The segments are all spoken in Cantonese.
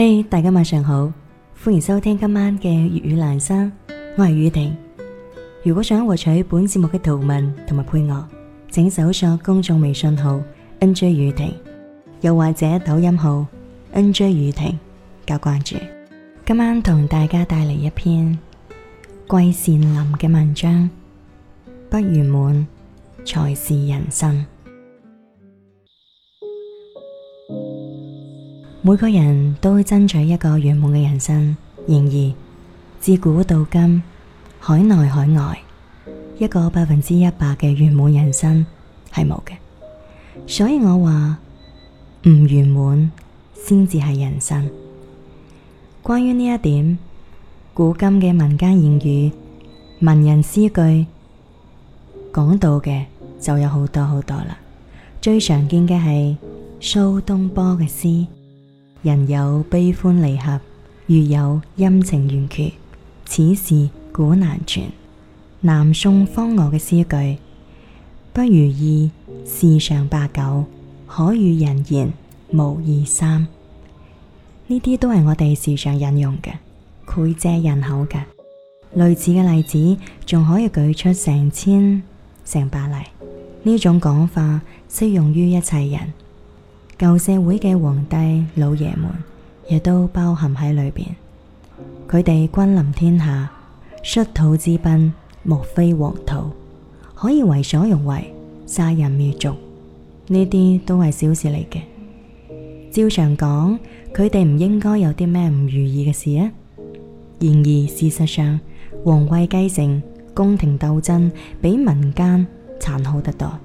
嘿，hey, 大家晚上好，歡迎收聽今晚嘅粵語蘭生，我係宇婷。如果想獲取本節目嘅圖文同埋配樂，請搜索公眾微信號 NJ 宇婷，又或者抖音號 NJ 宇婷加關注。今晚同大家帶嚟一篇季羨林嘅文章，不完滿才是人生。每個人都會爭取一個圓滿嘅人生，然而自古到今，海內海外，一個百分之一百嘅圓滿人生係冇嘅。所以我話唔圓滿先至係人生。關於呢一點，古今嘅民間諺語、文人詩句講到嘅就有好多好多啦。最常見嘅係蘇東坡嘅詩。人有悲歡離合，月有陰晴圓缺，此事古難全。南宋方岳嘅詩句：不如意事常八九，可與人言無二三。呢啲都係我哋時常引用嘅，膾炙人口嘅。類似嘅例子仲可以舉出成千成百例。呢種講法適用於一切人。舊社會嘅皇帝老爺們，亦都包含喺裏邊。佢哋君臨天下，率土之濱，莫非王土，可以為所欲為，殺人滅族，呢啲都係小事嚟嘅。照常講，佢哋唔應該有啲咩唔如意嘅事啊。然而事實上，皇位繼承、宮廷鬥爭比民間殘酷得多。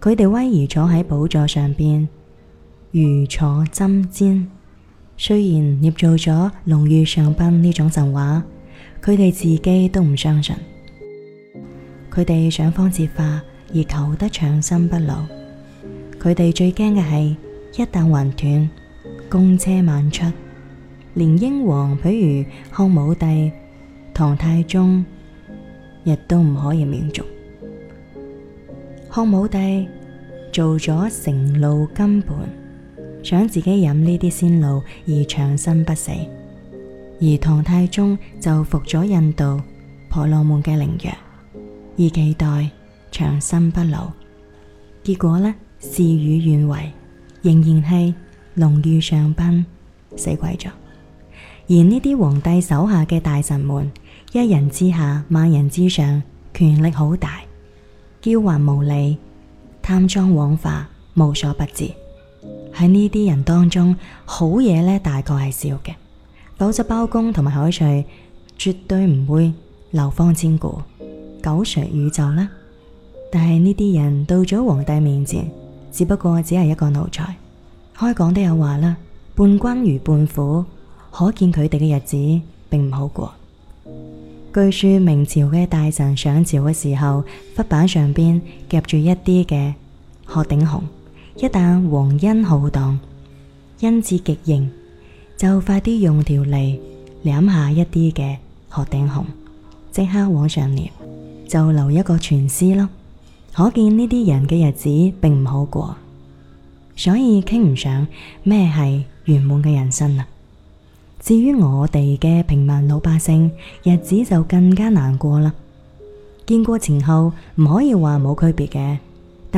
佢哋威儀坐喺寶座上邊。如坐針氈，雖然捏造咗龍御上賓呢種神話，佢哋自己都唔相信。佢哋想方設法而求得長生不老，佢哋最驚嘅係一旦魂斷，宮車晚出，連英皇譬如漢武帝、唐太宗亦都唔可以免俗。漢武帝做咗承露金盤。想自己飲呢啲仙露而長生不死，而唐太宗就服咗印度婆羅門嘅靈藥，而期待長生不老，結果呢，事與願違，仍然係龍御上賓死鬼咗。而呢啲皇帝手下嘅大臣們，一人之下，萬人之上，權力好大，驕橫無理，貪贓枉法，無所不至。喺呢啲人當中，好嘢咧，大概係少嘅。否則包公同埋海瑞絕對唔會流芳千古，久垂宇宙呢？但係呢啲人到咗皇帝面前，只不過只係一個奴才。開講都有話啦，伴君如伴虎，可見佢哋嘅日子並唔好過。據說明朝嘅大臣上朝嘅時候，笏板上邊夾住一啲嘅鶴頂紅。一旦皇恩浩蕩，欽賜極刑，就快啲用條脷舐下一啲嘅鶴頂紅，即刻往上尿，就留一個全屍咯。可見呢啲人嘅日子並唔好過，所以傾唔上咩係圓滿嘅人生啊！至於我哋嘅平民老百姓，日子就更加難過啦。建國前後唔可以話冇區別嘅。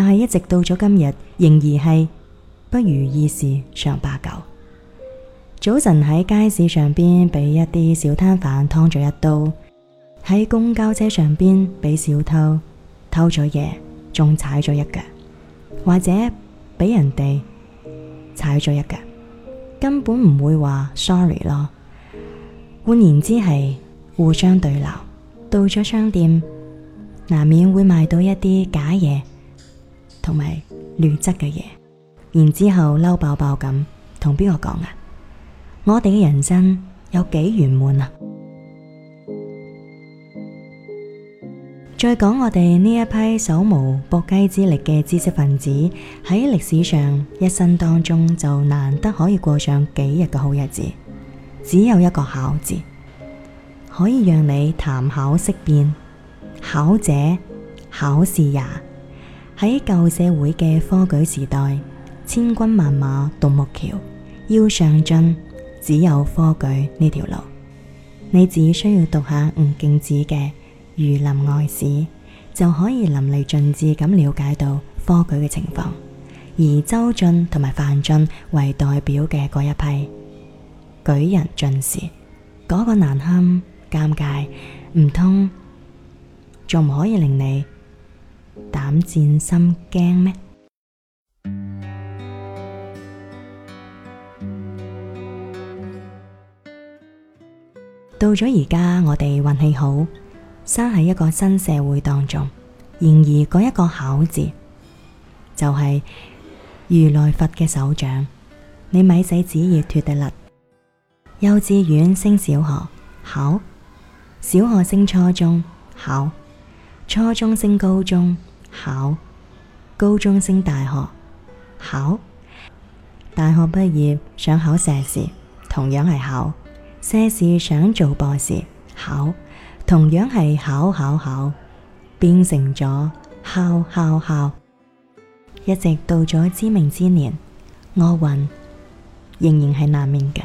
但係一直到咗今日，仍然係不如意事常八九。早晨喺街市上邊俾一啲小攤販劏咗一刀，喺公交車上邊俾小偷偷咗嘢，仲踩咗一腳，或者俾人哋踩咗一腳，根本唔會話 sorry 咯。換言之係互相對鬧。到咗商店，難免會買到一啲假嘢。同埋劣質嘅嘢，然之後嬲爆爆咁，同邊個講啊？我哋嘅人生有幾圓滿啊？ 再講我哋呢一批手無縛雞之力嘅知識分子，喺歷史上一生當中就難得可以過上幾日嘅好日子，只有一個考字，可以讓你談考色變，考者考試也。喺舊社會嘅科舉時代，千軍萬馬獨木橋，要上進只有科舉呢條路。你只需要讀下吳敬梓嘅《儒林外史》，就可以淋漓盡致咁了解到科舉嘅情況。而周進同埋范進為代表嘅嗰一批舉人進士，嗰、那個難堪尷尬，唔通仲唔可以令你膽戰心驚咩？到咗而家，我哋運氣好，生喺一個新社會當中。然而嗰一個考字，就係如來佛嘅手掌。你咪使指意脫得甩，幼稚園升小學考，小學升初中考，初中升高中。考，高中升大學考，大學畢業想考碩士，同樣係考碩士想做博士，考同樣係考考考，變成咗考考考，一直到咗知命之年，厄運仍然係難免嘅。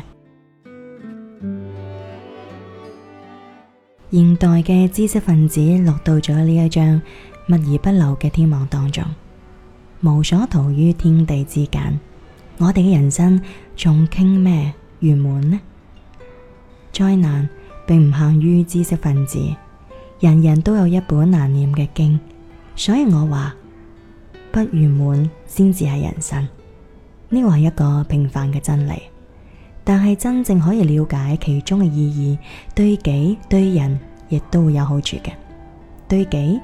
現代嘅知識分子落到咗呢一張密而不漏嘅天網當中，無所逃於天地之間，我哋嘅人生仲傾咩圓滿呢？災難並唔限於知識分子，人人都有一本難念嘅經，所以我話不圓滿先至係人生，呢個係一個平凡嘅真理。但係真正可以了解其中嘅意義，對己對人亦都會有好處嘅。對己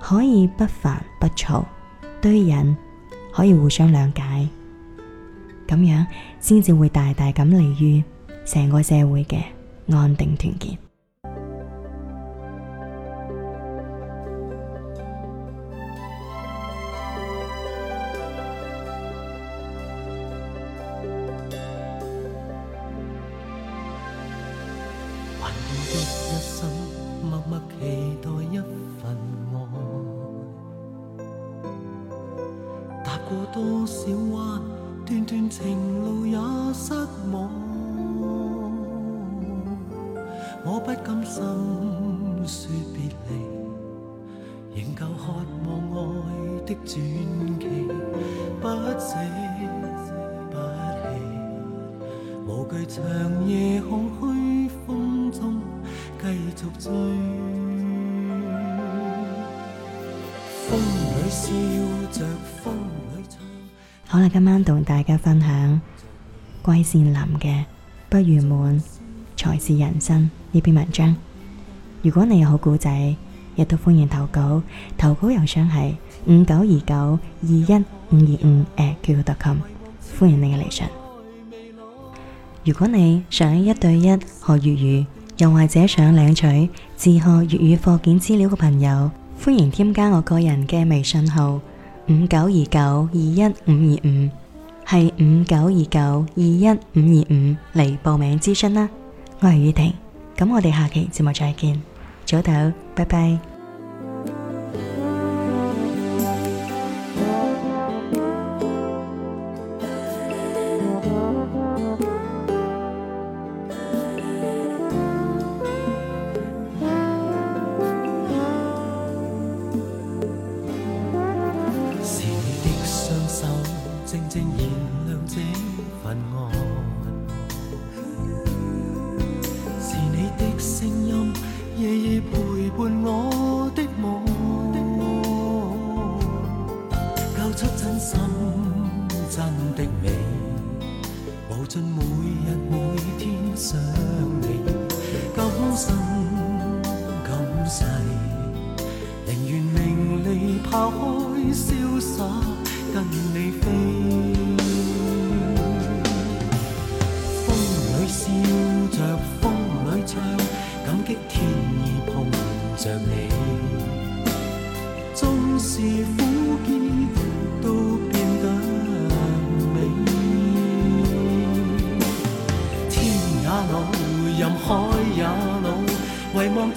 可以不煩不躁，對人可以互相諒解，咁樣先至會大大咁利於成個社會嘅安定團結。過多少彎，段段情路也失望。我不甘心説別離，仍舊渴望愛的傳奇。不捨不棄，無懼長夜空虛風中繼續追。好啦，今晚同大家分享季羨林嘅《不完滿才是人生》呢篇文章。如果你有好故仔，亦都歡迎投稿。投稿郵箱係五九二九二一五二五，艾特 QQ 點 com，歡迎你嘅嚟信。如果你想一對一學粵語，又或者想領取自學粵語課件資料嘅朋友。歡迎添加我個人嘅微信號五九二九二一五二五，係五九二九二一五二五嚟報名諮詢啦。我係宇婷，咁我哋下期節目再見，早唞，拜拜。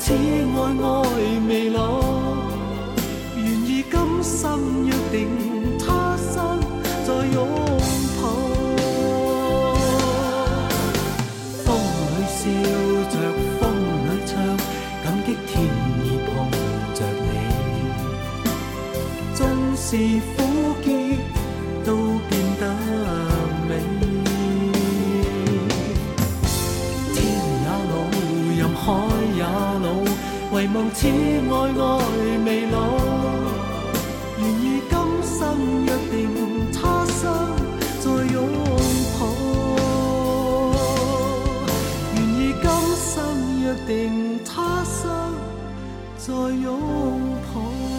此愛愛未老，願意今生約定他生再擁抱。風裏笑着，風裏唱，感激天意碰着你，縱是。望此愛愛未老，願意今生約定他生再擁抱，願意今生約定他生再擁抱。